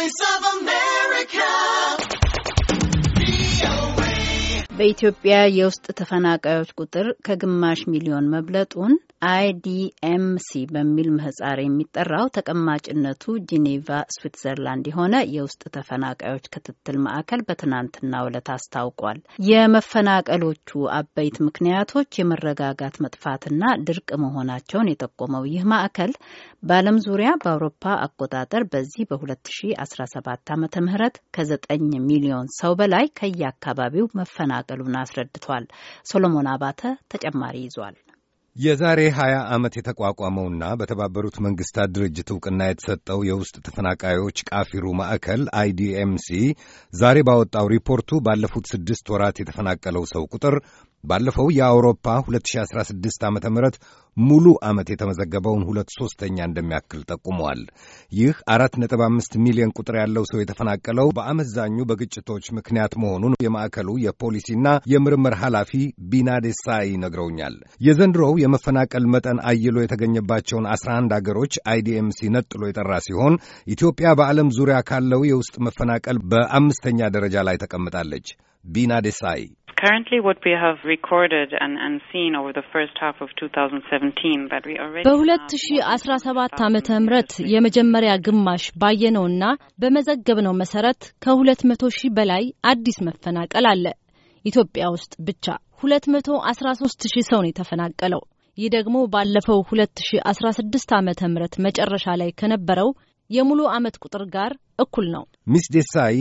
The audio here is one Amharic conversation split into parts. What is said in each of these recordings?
Voice of America. በኢትዮጵያ የውስጥ ተፈናቃዮች ቁጥር ከግማሽ ሚሊዮን መብለጡን አይዲኤምሲ በሚል ምህጻር የሚጠራው ተቀማጭነቱ ጂኔቫ ስዊትዘርላንድ የሆነ የውስጥ ተፈናቃዮች ክትትል ማዕከል በትናንትናው ዕለት አስታውቋል። የመፈናቀሎቹ አበይት ምክንያቶች የመረጋጋት መጥፋትና ድርቅ መሆናቸውን የጠቆመው ይህ ማዕከል በዓለም ዙሪያ በአውሮፓ አቆጣጠር በዚህ በ2017 ዓ ም ከ9 ሚሊዮን ሰው በላይ ከየአካባቢው መፈናቀል መቀጠሉን አስረድቷል። ሶሎሞን አባተ ተጨማሪ ይዟል። የዛሬ 20 ዓመት የተቋቋመውና በተባበሩት መንግስታት ድርጅት ዕውቅና የተሰጠው የውስጥ ተፈናቃዮች ቃፊሩ ማዕከል አይዲኤምሲ ዛሬ ባወጣው ሪፖርቱ ባለፉት ስድስት ወራት የተፈናቀለው ሰው ቁጥር ባለፈው የአውሮፓ 2016 ዓ ም ሙሉ ዓመት የተመዘገበውን ሁለት ሦስተኛ እንደሚያክል ጠቁመዋል። ይህ 4.5 ሚሊዮን ቁጥር ያለው ሰው የተፈናቀለው በአመዛኙ በግጭቶች ምክንያት መሆኑን የማዕከሉ የፖሊሲና የምርምር ኃላፊ ቢና ነግረውኛል። የዘንድሮው የመፈናቀል መጠን አይሎ የተገኘባቸውን 11 አገሮች አይዲኤምሲ ነጥሎ የጠራ ሲሆን ኢትዮጵያ በዓለም ዙሪያ ካለው የውስጥ መፈናቀል በአምስተኛ ደረጃ ላይ ተቀምጣለች። ቢናዴሳይ በ2017 ዓመተ ምህረት የመጀመሪያ ግማሽ ባየነውና በመዘገብነው መሰረት ከ200 ሺህ በላይ አዲስ መፈናቀል አለ። ኢትዮጵያ ውስጥ ብቻ 213 ሺህ ሰው ነው የተፈናቀለው። ይህ ደግሞ ባለፈው 2016 ዓመተ ምህረት መጨረሻ ላይ ከነበረው የሙሉ ዓመት ቁጥር ጋር እኩል ነው። ሚስ ደሳይ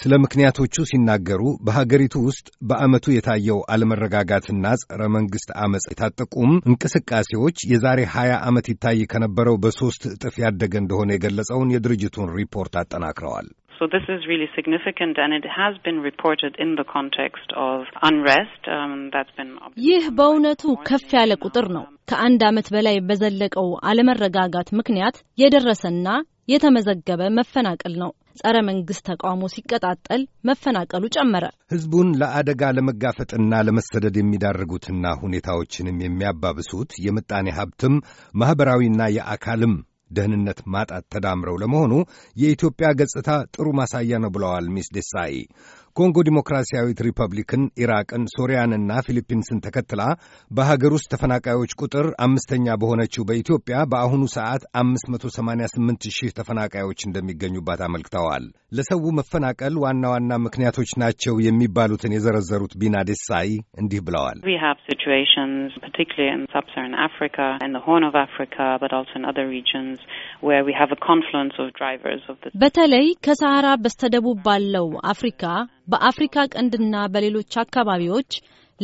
ስለ ምክንያቶቹ ሲናገሩ በሀገሪቱ ውስጥ በዓመቱ የታየው አለመረጋጋትና ጸረ መንግሥት ዐመፅ የታጠቁም እንቅስቃሴዎች የዛሬ 20 ዓመት ይታይ ከነበረው በሦስት እጥፍ ያደገ እንደሆነ የገለጸውን የድርጅቱን ሪፖርት አጠናክረዋል። ይህ በእውነቱ ከፍ ያለ ቁጥር ነው። ከአንድ ዓመት በላይ በዘለቀው አለመረጋጋት ምክንያት የደረሰና የተመዘገበ መፈናቀል ነው። ጸረ መንግስት ተቃውሞ ሲቀጣጠል መፈናቀሉ ጨመረ። ህዝቡን ለአደጋ ለመጋፈጥና ለመሰደድ የሚዳርጉትና ሁኔታዎችንም የሚያባብሱት የምጣኔ ሀብትም ማኅበራዊና የአካልም ደህንነት ማጣት ተዳምረው ለመሆኑ የኢትዮጵያ ገጽታ ጥሩ ማሳያ ነው ብለዋል ሚስ ዴሳይ። ኮንጎ ዲሞክራሲያዊት ሪፐብሊክን፣ ኢራቅን፣ ሶሪያንና ፊሊፒንስን ተከትላ በሀገር ውስጥ ተፈናቃዮች ቁጥር አምስተኛ በሆነችው በኢትዮጵያ በአሁኑ ሰዓት 588 ሺህ ተፈናቃዮች እንደሚገኙባት አመልክተዋል። ለሰው መፈናቀል ዋና ዋና ምክንያቶች ናቸው የሚባሉትን የዘረዘሩት ቢና ዴሳይ እንዲህ ብለዋል። በተለይ ከሰሃራ በስተደቡብ ባለው አፍሪካ በአፍሪካ ቀንድና በሌሎች አካባቢዎች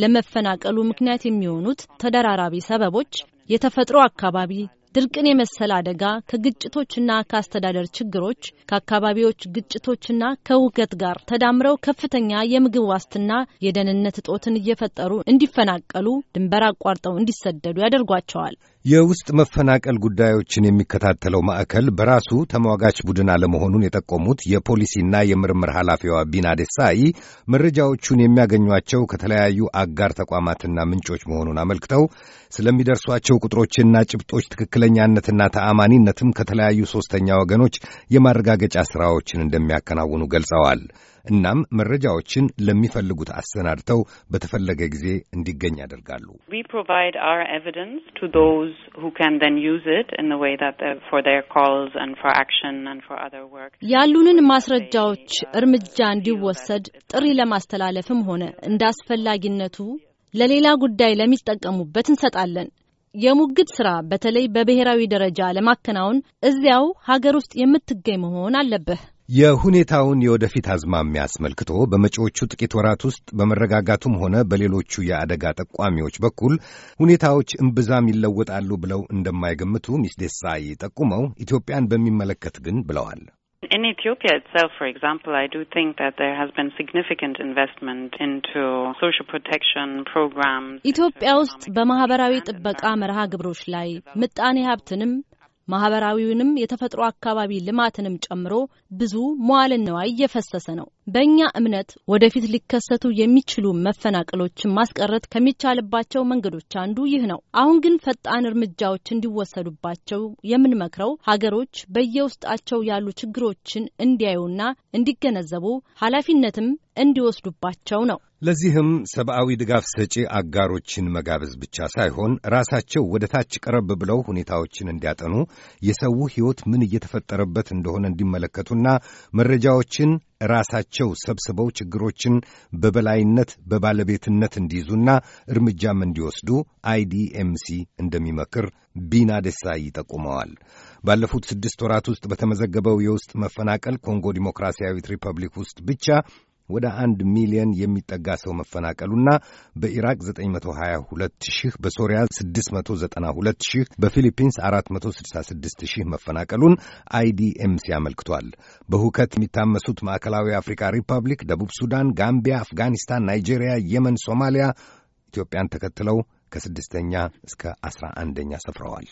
ለመፈናቀሉ ምክንያት የሚሆኑት ተደራራቢ ሰበቦች የተፈጥሮ አካባቢ ድርቅን የመሰለ አደጋ ከግጭቶችና ከአስተዳደር ችግሮች፣ ከአካባቢዎች ግጭቶችና ከውከት ጋር ተዳምረው ከፍተኛ የምግብ ዋስትና፣ የደህንነት እጦትን እየፈጠሩ እንዲፈናቀሉ፣ ድንበር አቋርጠው እንዲሰደዱ ያደርጓቸዋል። የውስጥ መፈናቀል ጉዳዮችን የሚከታተለው ማዕከል በራሱ ተሟጋች ቡድን አለመሆኑን የጠቆሙት የፖሊሲና የምርምር ኃላፊዋ ቢና ደሳይ መረጃዎቹን የሚያገኟቸው ከተለያዩ አጋር ተቋማትና ምንጮች መሆኑን አመልክተው ስለሚደርሷቸው ቁጥሮችና ጭብጦች ትክክለ ትክክለኛነትና ተአማኒነትም ከተለያዩ ሦስተኛ ወገኖች የማረጋገጫ ሥራዎችን እንደሚያከናውኑ ገልጸዋል። እናም መረጃዎችን ለሚፈልጉት አሰናድተው በተፈለገ ጊዜ እንዲገኝ ያደርጋሉ። ያሉንን ማስረጃዎች እርምጃ እንዲወሰድ ጥሪ ለማስተላለፍም ሆነ እንደ አስፈላጊነቱ ለሌላ ጉዳይ ለሚጠቀሙበት እንሰጣለን። የሙግት ስራ በተለይ በብሔራዊ ደረጃ ለማከናወን እዚያው ሀገር ውስጥ የምትገኝ መሆን አለብህ። የሁኔታውን የወደፊት አዝማሚያ አስመልክቶ በመጪዎቹ ጥቂት ወራት ውስጥ በመረጋጋቱም ሆነ በሌሎቹ የአደጋ ጠቋሚዎች በኩል ሁኔታዎች እምብዛም ይለወጣሉ ብለው እንደማይገምቱ ሚስ ደሳይ ጠቁመው ኢትዮጵያን በሚመለከት ግን ብለዋል። in Ethiopia itself, for example, I do think that there has been significant investment into social protection programs. ኢትዮጵያ ውስጥ በማህበራዊ ጥበቃ መርሃ ግብሮች ላይ ምጣኔ ሀብትንም ማህበራዊውንም የተፈጥሮ አካባቢ ልማትንም ጨምሮ ብዙ መዋዕለ ንዋይ እየፈሰሰ ነው። በእኛ እምነት ወደፊት ሊከሰቱ የሚችሉ መፈናቀሎችን ማስቀረት ከሚቻልባቸው መንገዶች አንዱ ይህ ነው። አሁን ግን ፈጣን እርምጃዎች እንዲወሰዱባቸው የምንመክረው ሀገሮች በየውስጣቸው ያሉ ችግሮችን እንዲያዩና እንዲገነዘቡ ኃላፊነትም እንዲወስዱባቸው ነው። ለዚህም ሰብአዊ ድጋፍ ሰጪ አጋሮችን መጋበዝ ብቻ ሳይሆን ራሳቸው ወደ ታች ቀረብ ብለው ሁኔታዎችን እንዲያጠኑ፣ የሰው ሕይወት ምን እየተፈጠረበት እንደሆነ እንዲመለከቱና መረጃዎችን ራሳቸው ሰብስበው ችግሮችን በበላይነት በባለቤትነት እንዲይዙና እርምጃም እንዲወስዱ አይዲኤምሲ እንደሚመክር ቢና ደሳይ ይጠቁመዋል። ባለፉት ስድስት ወራት ውስጥ በተመዘገበው የውስጥ መፈናቀል ኮንጎ ዲሞክራሲያዊት ሪፐብሊክ ውስጥ ብቻ ወደ አንድ ሚሊዮን የሚጠጋ ሰው መፈናቀሉና በኢራቅ 922 ሺህ፣ በሶሪያ 692 ሺህ፣ በፊሊፒንስ 466 ሺህ መፈናቀሉን አይዲኤምሲ አመልክቷል። በሁከት የሚታመሱት ማዕከላዊ አፍሪካ ሪፐብሊክ፣ ደቡብ ሱዳን፣ ጋምቢያ፣ አፍጋኒስታን፣ ናይጄሪያ፣ የመን፣ ሶማሊያ ኢትዮጵያን ተከትለው ከስድስተኛ እስከ አስራ አንደኛ ሰፍረዋል።